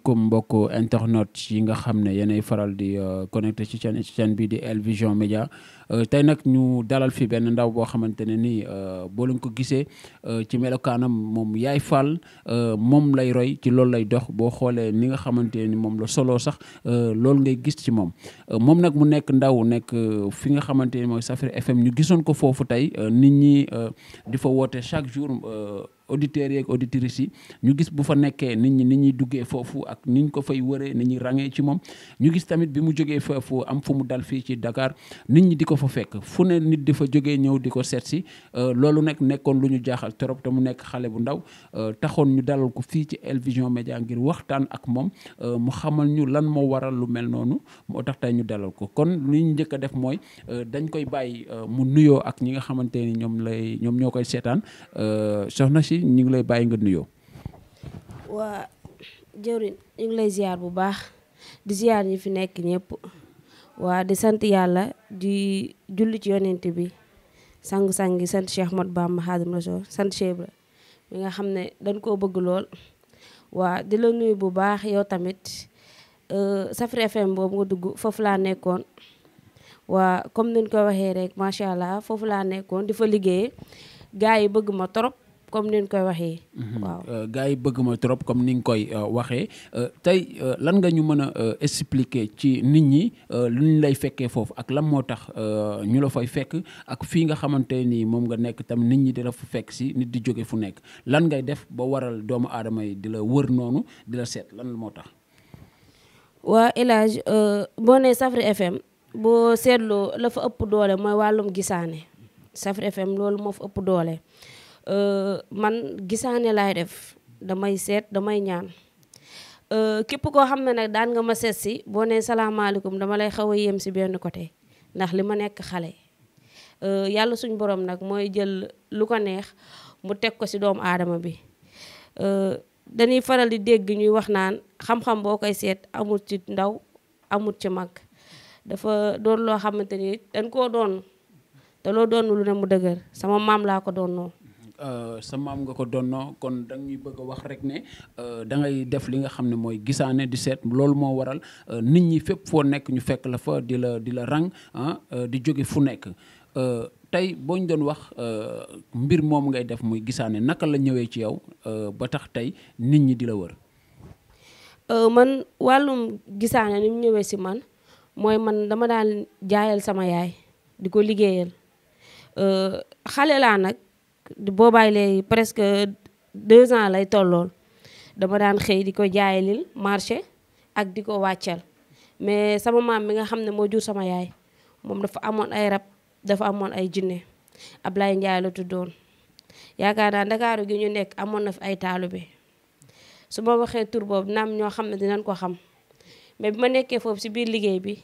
asalaamaaleykum mbokk internet yi nga xam ne yéenay faral di euh, connecté ci chaîne ci chaîne bi di El Média euh, tey nag ñu dalal fi benn ndaw boo xamante ne nii euh, boo lañ ko gisee ci melokaanam moom yaay Fall moom lay roy ci loolu lay dox boo xoolee ni nga xamante ni moom la solo sax loolu ngay gis ci moom moom nag mu nekk ndaw nekk fi nga xamante ni mooy Safir FM ñu gisoon ko foofu tey nit ñi di fa woote chaque jour auditeurs yeeg auditrices yi ñu gis bu fa nekkee nit ñi nit ñuy duggee foofu ak ni ñu ko fay wëree ni ñuy ràngee ci moom ñu gis tamit bi mu jógee foofu am fu mu dal fii ci Dakar nit ñi di ko fa fekk fu ne nit di fa jógee ñëw di ko seet si euh, loolu nag nekkoon lu ñu jaaxal trop te mu nekk xale bu ndaw euh, taxoon ñu dalal ko fii ci Elvision Média ngir waxtaan ak moom euh, mu xamal ñu lan moo waral lu mel noonu moo tax tey ñu dalal ko kon li ñu njëkk a def mooy dañ koy bàyyi mu nuyoo ak ñi nga xamante ni ñoom lay ñoom ñoo koy seetaan soxna si bi ñu ngi lay bàyyi nga nuyoo. waa jëwriñ ñu ngi lay ziar bu baax di ziar ñi fi nekk ñëpp waa di sant yàlla di julli ci yonent bi sangu-sang yi sant Cheikh ma Bamba Xaadimu Rasuul sant Cheikh Ibra nga xam ne dañ koo bëgg lool waa di la nuyu bu baax yow tamit euh, Safri FM boobu nga dugg foofu laa nekkoon waa comme ni ñu ko waxee rek macha allah foofu laa nekkoon di fa liggéeyee yi bëgg ma trop comme ni koy waxee. Mhm. waaw euh, gars yi bëgg trop comme ni nga koy euh, waxee euh, tey lan nga ñu mën a expliquer ci nit ñi lu ñu lay fekkee foofu ak lan moo tax ñu la fay fekk ak fii nga xamante nii moom nga nekk tamit nit ñi di la fu fekk si nit di jóge fu nekk lan ngay def ba waral doomu aadama yi di la wër noonu di la seet lan moo tax. waaw El Hadj boo nee Safri FM boo seetloo la fa ëpp doole mooy wàllum gisaane Safri FM loolu moo fa ëpp doole. Euh, man gisaane laay def damay seet damay ñaan euh, képp koo xam ne nag daan nga ma seet si boo nee salaamaaleykum dama lay xaw a yem si benn côté ndax li ma nekk xale euh, yàlla suñ borom nag mooy jël lu ko neex mu teg ko si doomu aadama bi dañuy faral di dégg ñuy wax naan xam boo koy seet amul ci ndaw amul ci mag dafa doon loo xamante ni dañ koo doon te loo doon lu ne mu dëgër sama maam laa ko doon noonu Euh, sa maam nga ko donnoo kon da ñuy bëgg a wax rek ne euh, da ngay def li nga xam ne mooy gisaane di seet loolu moo waral euh, nit ñi fépp foo nekk ñu fekk la fa di la di la rang ah di jóge fu nekk tey boo ñu doon wax mbir moomu ngay def muy gisaane naka la ñëwee ci yow ba tax tey nit ñi di la wër. man wàllum gisaane ni ñëwee si man mooy man dama daan jaayal sama yaay di ko liggéeyal xale laa nag. boobaay léegi presque deux ans lay tollool dama daan xëy di ko jaayalil marché ak di ko wàccel mais sama maam mi nga xam ne moo jur sama yaay moom dafa amoon ay rab dafa amoon ay jinne Ablaye Ndiaye la tuddoon yaakaar naa Ndakaaru gi ñu nekk amoon na fi ay bi su ma waxee tur boobu naam ñoo xam ne dinañ ko xam mais bi ma nekkee foofu si biir liggéey bi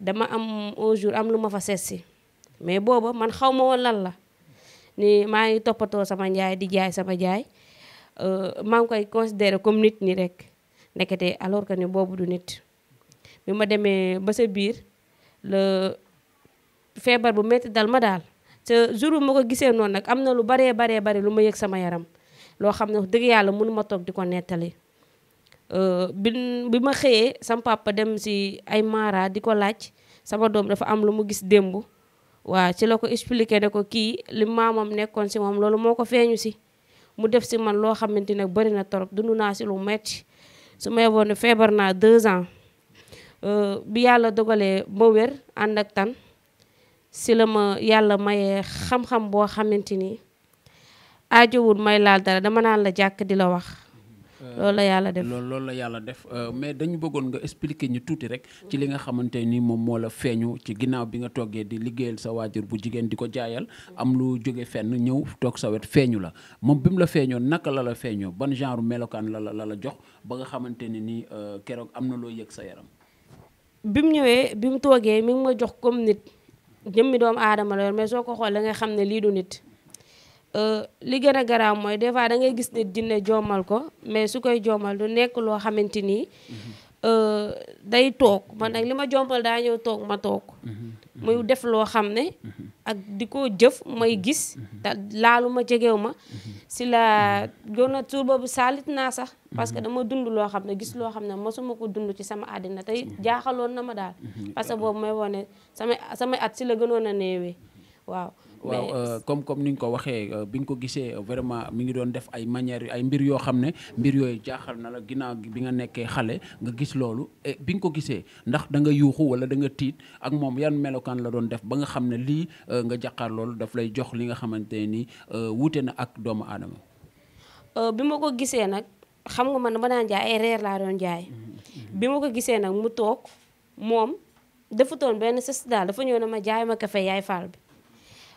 dama am un am lu ma fa seet si mais booba man xaw ma woon lan la ni maa ngi toppatoo sama njaay di jaay sama jaay euh, maa ngi koy considéré comme nit nii rek ndekete alors que ni boobu du nit bi ma demee ba sa biir la feebar bu metti dal ma daal te jour bu ma ko gisee noonu nag am na lu baree baree bare lu ma yëg sama yaram loo xam ne dëgg yàlla mënu ma toog di ko nettali euh, bi bi ma xëyee sama papa dem si ay mara di ko laaj sama doom dafa am lu mu gis démb waaw ci la ko expliqué ne ko kii li maamam nekkoon si moom loolu moo ko feeñu si mu def si man loo xamante ne bëri na torop dundu naa si lu metti su may woon ne feebar naa deux ans euh, bi yàlla dogalee ma wér ànd ak tan si la ma yàlla mayee xam-xam boo xamante ni aajowul may laal dara dama naan la jàkk di la wax loolu la yàlla def loolu loolu la yàlla def euh, mais dañu bëggoon nga expliquer ñu tuuti rek ci li nga xamante ni moom moo la feeñu ci ginnaaw bi nga toggee di liggéeyal sa waajur bu jigéen di ko jaayal am lu jóge fenn ñëw toog sa wet feeñu la moom bi mu la feeñoo naka la la feeñoo ban genre melokaan la la la la jox ba nga xamante ne ni euh, keroog am na loo yëg sa yaram bi mu ñëwee bi mu toogee mi ngi ma jox comme nit jëmmi doomu aadama la yor mais soo ko xool da nga xam ne lii du nit Euh, li gën a garaaw mooy des fois da ngay gis nit dina jommal ko mais su koy jommal du nekk loo xamante ni mm-hmm. euh, day toog man nag li ma joomal daa ñëw toog ma toog. Mm-hmm. muy def loo xam ne. Mm-hmm. ak di ko jëf may gis. laalu ma jegew ma. si la gën a tur boobu saalit naa sax. parce que dama dund loo xam ne gis loo xam ne mosuma ko dund ci sama àddina tey jaaxaloon na ma daal. parce que boobu may wone samay samay at si la gënoon a néewee. waaw. waaw euh, comme comme ni nga ko waxee euh, bi nga ko gisee euh, vraiment mi ngi doon def ay manière ay mbir yoo xam ne mbir yooyu jaaxal na la ginnaaw bi nga nekkee xale nga gis loolu bi nga ko gisee ndax da nga yuuxu wala da tiit ak moom yan melokaan la doon def ba nga xam ne lii nga jàqaar loolu daf lay jox li nga xamante ne nii wuute na ak doomu aadama. bi ma ko gisee nag xam nga man dama daan jaay ay reer laa doon jaay mm-hmm. bi ma ko gisee nag mu toog moom defutoon benn sës daal dafa ñëw ne ma jaay ma kafe yaay faal bi.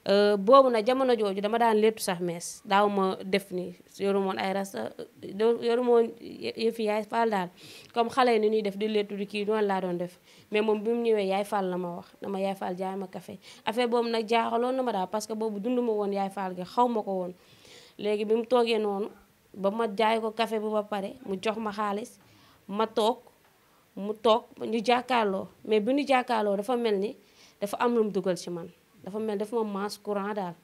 Euh, boobu nag jamono jooju dama daan léttu sax mees daaw ma def ni yoru moon ay rasta euh, yoru moon yëfi yaay faal daal comme xale yi ni ñuy def di léttu di kii noonu laa doon def mais moom bi mu ñëwee yaay faal la ma wax dama yaay faal jaay ma café affaire boobu nag jaaxaloon na ma daal parce que boobu dund ma woon yaay faal gi xaw ma ko woon léegi bi mu toogee noonu ba ma jaay ko kafe bu ba pare mu jox ma xaalis ma toog mu toog ñu jàkkaarloo mais bi ñu jàkkaarloo dafa mel ni dafa am lu mu dugal man dafa mel dafa ma masse courant daal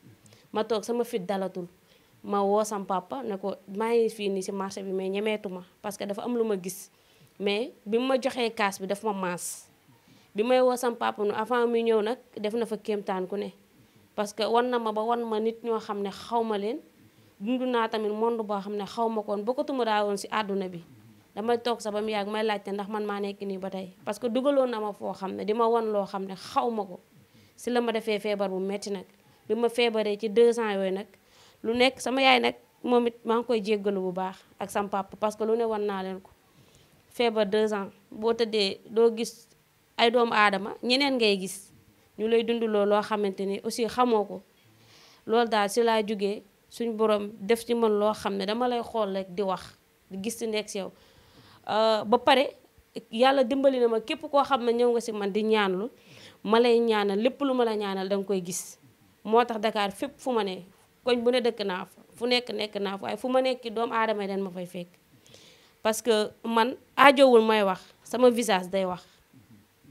ma toog sama fit dalatul ma woo sam ne ko maa fii nii si marché bi mais ñemeetu ma parce que dafa am lu ma gis mais bi ma joxee kaas bi dafa ma masse bi may woo sam papa avant muy ñëw nag def na fa kéemtaan ku ne parce que wan na ma ba wan ma nit ñoo xam ne xaw ma leen dund naa tamit monde boo xam ne xaw ma koon bokkatuma daa woon si àdduna bi damay toog sax ba mu yàgg may laajte ndax man maa nekk nii ba tey parce que dugaloon na ma foo xam ne di ma wan loo xam ne xaw ma ko si la ma defee feebar bu metti nag bi ma feebaree ci deux ans yooyu nag lu nekk sama yaay nag moom it maa ngi koy jéggalu bu baax ak sam papa parce que lu ne wan naa leen ko feebar deux ans boo tëddee doo gis ay doomu aadama ñeneen ngay gis ñu lay dund loolu loo xamante ni aussi xamoo ko loolu daal si laa jógee suñ borom def ci man loo xam ne dama lay xool rek di wax gis ci nekk si yow euh, ba pare yàlla dimbali na ma képp koo xam na ñëw nga si man di ñaanlu ma lay ñaanal lépp lu ma la ñaanal da nga koy gis moo tax dakaar fépp fu ma ne koñ bu ne dëkk naa fa fu nekk nekk naa fa waaye fu ma nekk doom aadama yi dañ ma fay fekk parce que man aajowul may wax sama visage day wax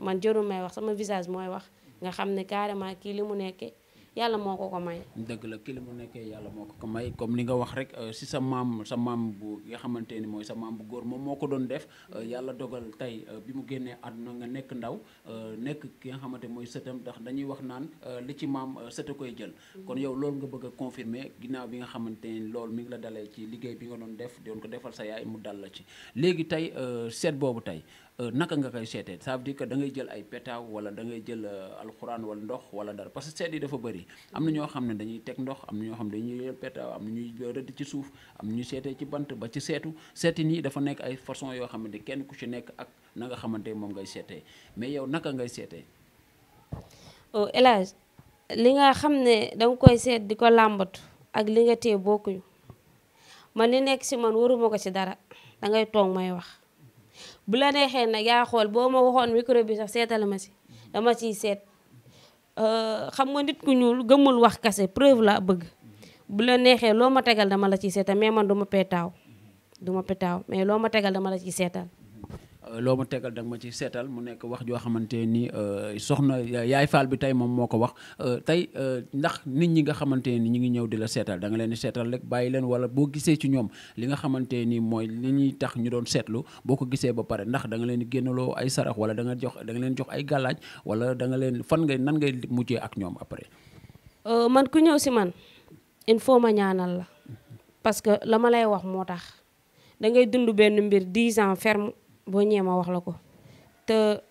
man jorul may wax sama visage mooy wax nga xam ne carrément kii li mu nekke yàlla moo ko ko may. dëgg la ki li mu nekkee yàlla moo ko ko may comme li nga wax rek euh, si sa maam sa maam bu nga xamante ni mooy sa maam bu góor moom moo ko doon def euh, yàlla dogal tey euh, bi mu génnee àdduna nga nekk ndaw nekk ki nga xamante mooy sëtam ndax dañuy wax naan li ci maam sëta koy jël. kon yow loolu nga bëgg a confirmer ginnaaw bi nga xamante ni loolu mu ngi la dalee ci liggéey bi nga doon def doon ko defal sa yaay mu dal la ci léegi tey seet boobu tey. Euh, naka nga koy seetee ça veut que da ngay jël ay pétaaw wala da jël euh, alxuraan wala ndox wala dara parce am na ñoo xam ne dañuy teg ndox am na ñoo jël pétaaw am na ñuy rëdd ci suuf am na ñuy seetee ci bant ba ci seetu seeti nii dafa nekk ay façon yoo xam ne kenn ku ci nekk ak na nga xamante moom ngay seetee mais yow naka ngay seetee. oh El li nga xam ne danga koy seet di ko làmbatu ak li nga téye bokkuñu man li nekk si man waruma ko ci dara dangay toog may wax. bu la neexee nag yaa xool boo ma waxoon micro bi sax seetal ma si dama ciy seet euh, xam nga nit ku ñuul gëmul wax kase preuve laa bëgg bu la neexee loo ma tegal dama la ciy seetal mais man du ma petaaw du ma petaaw mais loo ma tegal dama la ciy seetal Euh, loo ma tegal da nga ma ci seetal mu nekk wax joo xamante ni euh, soxna yaay faal bi tey moom moo ko wax euh, tey ndax nit ñi nga xamante ni ñu ngi ñëw di la seetal da nga leen di seetal rek bàyyi leen wala boo gisee ci ñoom li nga xamante ni mooy li ñuy tax ñu doon seetlu boo ko gisee ba pare ndax da leen di génnaloo ay sarax wala da nga jox da nga leen jox ay gàllaaj wala da nga leen fan nga nan ngay mujjee ak ñoom après. man ku ñëw si man il faut ma ñaanal la parce que la ma lay wax moo tax da ngay dund benn mbir 10 ans ferme. boo ñëwee ma wax la ko te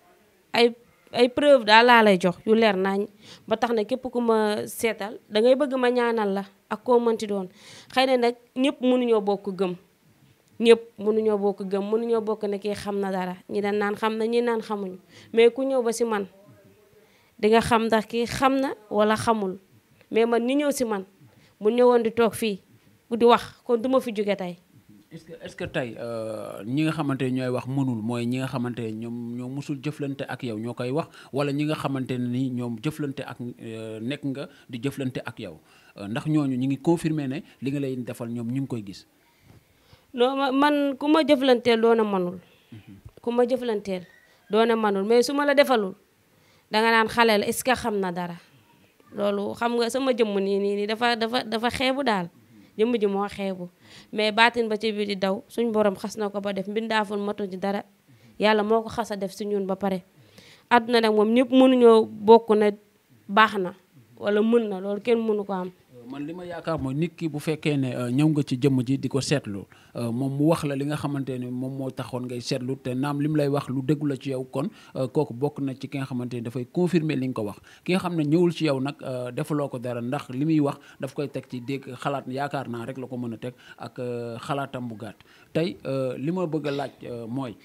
ay ay preuve daal laa lay jox yu leer nañ ba tax na képp ku ma seetal da ngay bëgg ma ñaanal la ak koo mënti doon xëy ne nag ñëpp mënuñoo bokk gëm ñëpp mënuñoo bokk gëm mënuñoo bokk ne kii xam na dara ñi dañ naan xam na ñi naan xamuñu mais ku ñëw ba si man dinga xam ndax kii xam na wala xamul mais man ñu ñëw si man mu ñëwoon di toog fii di wax kon duma ma fi jóge tey est-ce que est-ce que tey euh, ñi nga xamante ñooy wax mënul mooy ñi nga xamante ne ñoom ñoo mosul jëflante ak yow ñoo koy wax wala ñi nga xamante ne ni ñoom jëflante ak euh, nekk nga di jëflante ak yow euh, ndax ñooñu ñu ngi confirmer ne li nga lay defal ñoom ñu ngi koy gis. non man ku ma jëflanteel doon a mënul. Mhm. ku ma jëflanteel doon a mënul mais su ma la defalul danga naan xale la est-ce que xam na dara loolu xam nga sama jëmm nii nii dafa dafa dafa xeebu daal. jëmm ji moo xeebu mais baatin ba ci biir di daw suñ borom xas na ko ba def mbindaafoon matu ci dara yàlla moo ko xas a def si ñun ba pare àdduna nag moom ñëpp mënuñoo bokk na baax na wala mën na loolu kenn mënu ko am man li ma yaakaar mooy nit ki bu fekkee ne euh, ñëw nga ci jëmm ji di ko seetlu euh, moom mu wax la li nga xamante ne moom moo taxoon ngay seetlu te naam li mu lay wax lu déggu la ci yow kon euh, kooku bokk na ci ki nga xamante ne dafay confirmer li nga ko wax ki nga xam ne ñëwul ci yow nag defaloo ko dara ndax li muy wax daf koy teg ci dégg xalaat yaakaar naa rek la ko mën a teg ak xalaatam bu gàtt tey li ma bëgg a laaj mooy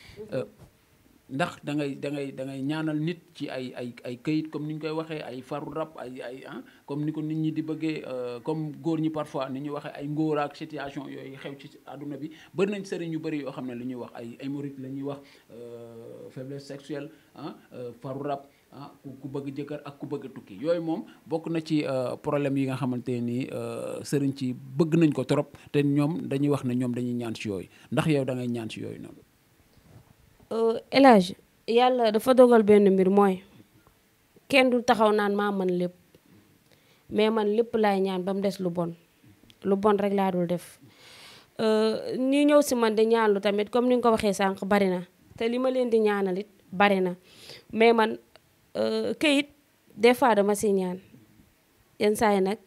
ndax da ngay da ngay da ñaanal nit ci ay ay ay këyit comme ni ñu koy waxee ay faru rab ay ay ah comme ni ko nit ñi di bëggee euh, comme góor ñi parfois ni ñuy waxee ay ngóoraak ak situation yooyu xew ci àdduna bi bëri nañ sëriñ yu bëri yoo xam ne lu ñuy wax ay hémorroïde la ñuy wax euh, faiblesse sexuelle ah euh, faru rab ah ku bëgg jëkkër ak ku bëgg tukki yooyu moom bokk na ci problème yi nga xamante ni sëriñ ci bëgg nañ ko trop te ñoom dañuy wax ne ñoom dañuy ñaan si yooyu ndax yow da ngay ñaan ci yooyu noonu. élage euh, yàlla dafa dogal benn mbir mooy kenn du taxaw naan maa man lépp mais man lépp laay ñaan ba mu des lu bon lu bon rek laa dul def ni euh, ñëw si man di ñaanlu tamit comme ni nga ko waxee sànq bari na te lii ma leen di ñaanalit bari na mais man euh, këyit des fois dama si ñaan yenn saa yi nag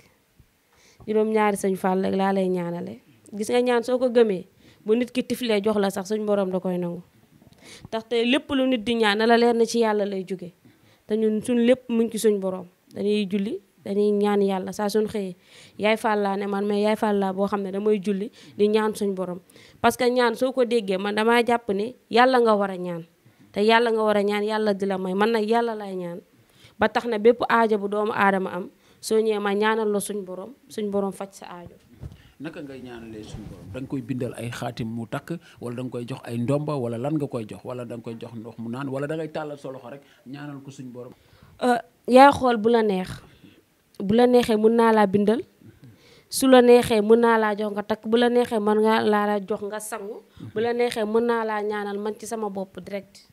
juróom ñaari sëñ Fall rek laa lay ñaanale gis nga ñaan soo ko gëmee bu nit ki tiflee jox la sax suñ borom da koy nangu ndaxte lépp lu nit di ñaan na la leer na ci yàlla lay jóge te ñun suñ lépp mu ci suñ borom dañuy julli dañuy ñaan yàlla saa suñ xëyee yaay Fall ne man mais yaay Fall laa boo xam ne damay julli di ñaan suñ borom parce que ñaan soo ko déggee man damaa jàpp ne yàlla nga war a ñaan te yàlla nga war a ñaan yàlla di la may man nag yàlla laay ñaan ba tax na bépp aajo bu doomu aadama am soo ñëwee ma ñaanal la suñ borom suñ borom faj sa aajo naka ngay ñaanalee suñu borom da koy bindal ay xaatim mu takk wala danga koy jox ay ndomba wala lan nga koy jox wala danga koy jox ndox mu naan wala dangay ngay tàllal sa loxo rek ñaanal ko suñu borom. Euh, yaa xool bu la neex bu neexee mën naa laa bindal su la neexee mën naa laa jox nga takk bu la neexee mën nga laa jox nga sangu bu la neexee mën naa laa ñaanal man ci sama bopp direct.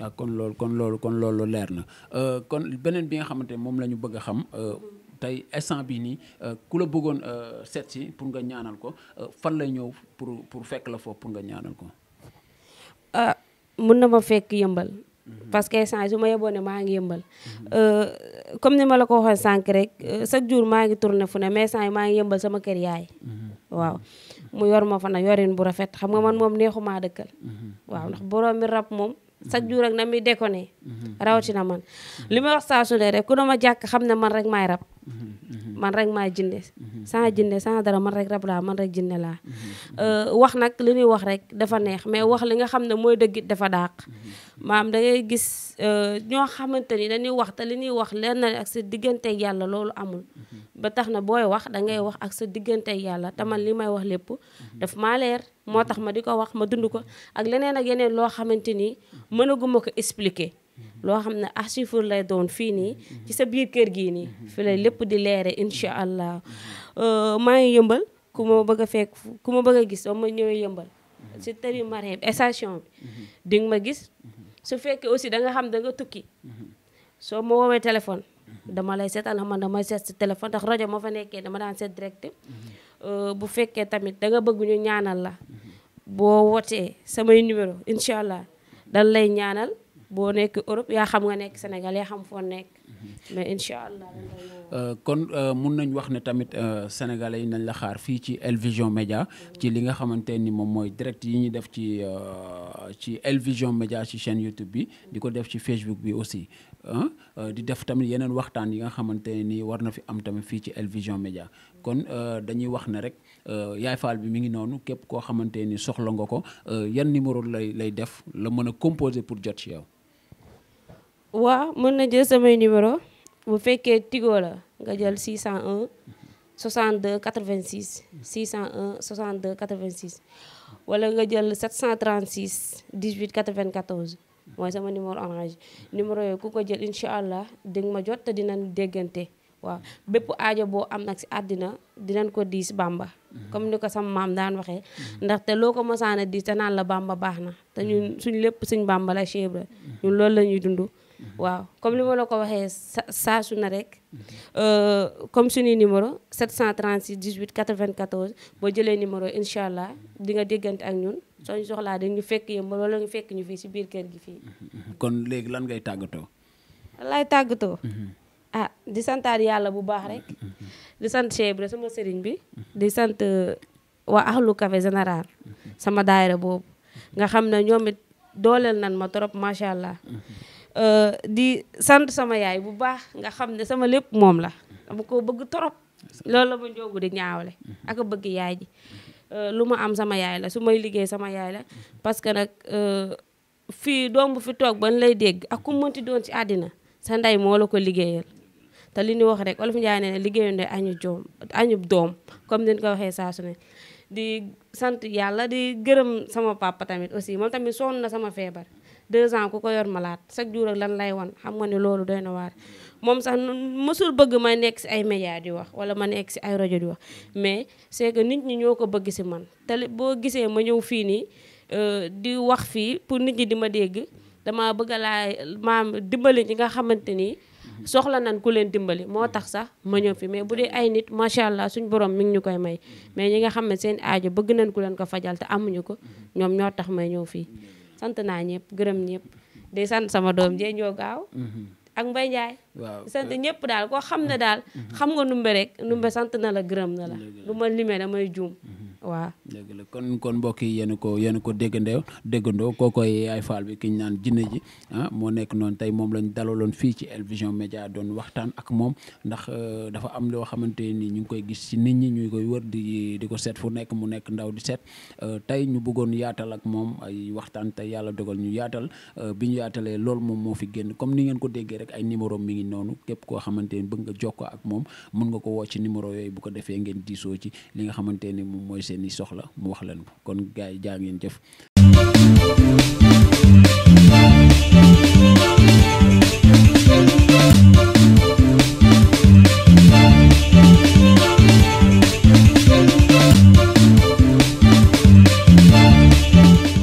Ah, kon loolu kon loolu kon loolu leer na euh, kon beneen bi nga xamante moom lañu bëgg xam. Euh, tey instant bi nii euh, ku la bëggoon euh, seet si pour nga ñaanal ko euh, fan lay ñëw pour pour fekk la foofu pour nga ñaanal ko. ah mun na ma fekk yëmbal. Mhm. parce que instant su ma yeboo maa ngi yëmbal. Mhm. comme ni ma la ko waxee sànq rek chaque jour maa ngi tourné fu ne mais instant maa ngi yëmbal sama kër yaay. Mhm. waaw mu yor ma fa nag yorin bu rafet xam nga man moom neexumaa dëkkal. waaw ndax boroomi rab moom. chaque jour ak na muy déconné rawatina man li may wax saa ne rek ku ma jàkk xam ne man rek maay rab mm-hmm. man rek maa jinne mhm. sans jinne sans dara man rek rab laa man rek jinne laa mhm. euh, wax nag li ñuy wax rek dafa neex mais wax li nga xam ne mooy dëgg dafa daaq mhm. maam dangay ngay gis euh, ñoo xamante ni dañuy wax te li ñuy wax leen na ak sa digganteeg yàlla loolu amul ba tax na booy wax da ngay wax ak sa digganteeg yàlla te man li may wax lépp daf ma leer moo tax ma di ko wax ma dund ko ak leneen ak yeneen loo xamante ni mënaguma ko expliquer loo xam ne archive lay doon fii nii mhm. ci sa biir kër gii nii mhm. fi lay lépp di leere incha allah euh, maa ngi yëmbal ku ma bëgg a fekk ku ma bëgg a gis ba ma ñëwee yëmbal mhm. si tëri marée bi station bi di ma gis su fekkee aussi da nga xam da nga tukki soo ma woowee téléphone dama lay seet man damay seet si téléphone ndax rajo ma fa nekkee dama daan seet direct euh, bu fekkee tamit danga nga bëgg ñu ñaanal la boo wootee samay numéro incha allah dan lay ñaanal boo nekk Europe yaa xam nga nekk Sénégal yaa xam foo nekk. mais incha allah. Euh, kon euh, mun nañ wax ne tamit euh, sénégalais yi nañ la xaar fii ci elevision Vision Média ci li nga xamante ni moom mooy direct yi ñuy def ci ci El Vision Média ci YouTube bi di ko def ci Facebook bi aussi di def tamit yeneen waxtaan yi nga xamante ni war na fi am tamit fii ci El Vision Média kon dañuy wax ne rek Yaay Fall bi mi ngi noonu képp koo xamante ni soxla nga ko yan numéro lay lay def la mën a composer pour jot ci yow. waaw mën na jël samay numéro bu fekkee Tigo la nga jël 601 62 86 601 62 86 wala nga jël 736 18 94 mooy sama numéro orange numéro yooyu ku ko jël incha allah di ma jot te dinañ déggante waaw bépp aajo boo am nag si àddina dinañ ko diis bamba comme ni ko sama maam daan waxee ndaxte loo ko mosaana diis te naan la bamba baax na te ñun suñ lépp suñ bàmba la chèvre loolu la ñuy dund waaw comme li ma la ko waxee saasu na rek euh, comme suñuy numéro 736 18 94 boo jëlee numéro incha allah di nga déggante ak ñun soo ñu soxlaa dañu fekk yéen ba loolu ñu fekk ñu fii si biir kër gi fii. kon léegi lan ngay tàggatoo. lay tàggatoo. Mhm. ah di santaat yàlla bu baax rek. Mhm, mhm, di sant Cheikh Ibra sama sëriñ bi. di sant euh, waa Ahlu Café général. sama daayira boobu. nga xam ne ñoom it dooleel nan ma trop macha allah. Euh, di sant sama yaay bu baax nga xam ne sama lépp moom la dama ko bëgg torop loolu la ma njoogu di ñaawale ak bëgg yaay ji euh, lu ma am sama yaay la su may liggéey sama yaay la parce que nag euh, fii doom bu fi toog ban lay dégg ak ku mënti doon ci àddina sa ndey moo la ko liggéeyal te li ñu wax rek olof Njaay añu joom doom comme ni ñu ko waxee saa su ne di sant yàlla di gërëm sama papa tamit aussi moom tamit sonn na sama feebar deux ans ku ko yor malaat chaque jour ak lan lay wan xam nga ne loolu doy na waar moom sax mësul bëgg may nekk si ay média di wax wala ma nekk si ay rajo di wax mais c'est que nit ñi ñoo ko bëgg si man te boo gisee ma ñëw fii nii euh, di wax fii pour nit ñi di ma dégg dama bëgg laa maam dimbali ñi nga xamante ni soxla nan ku leen dimbali moo tax sax ma ñëw fi mais bu dee ay nit macha allah suñ borom mi ngi ñu koy may mais ñi nga xam ne seen aajo bëgg nañ ku leen ko fajal te amuñu ko ñoom ñoo tax may ñëw fii sant naa ñëpp gërëm ñëpp di sant sama doom jee ñoo gaaw mhm. ak Mbaye Ndiaye waaw sant ñëpp daal koo xam ne daal xam nga numbe rek numbe sant na la gërëm na la lu ma limee damay juum mhm. waa dëgg la kon kon mbokk yi yéen ko yéen ko déggandoo déggandoo kookoy ay faal bi ki ñu naan jinne ji ah moo nekk noonu tey moom lañ dalaloon fii ci El Vision doon waxtaan ak moom ndax euh, dafa am loo xamante ni ñu ngi koy gis ci nit ñi ñu koy wër di di ko seet fu nekk mu nekk ndaw di seet euh, tey ñu bëggoon yaatal ak moom ay waxtaan tey yàlla dogal ñu yaatal euh, bi ñu yaatalee lool moom moo fi génn comme ni ngeen ko déggee rek ay numéro mi ngi noonu képp koo xamante ni bëgg nga jokko ak moom mën nga ko woo ci numéro yooyu bu ko defee ngeen diisoo ci li nga xamante ni moom mooy seen i soxla mu wax leen ko kon gars jaa ngeen jëf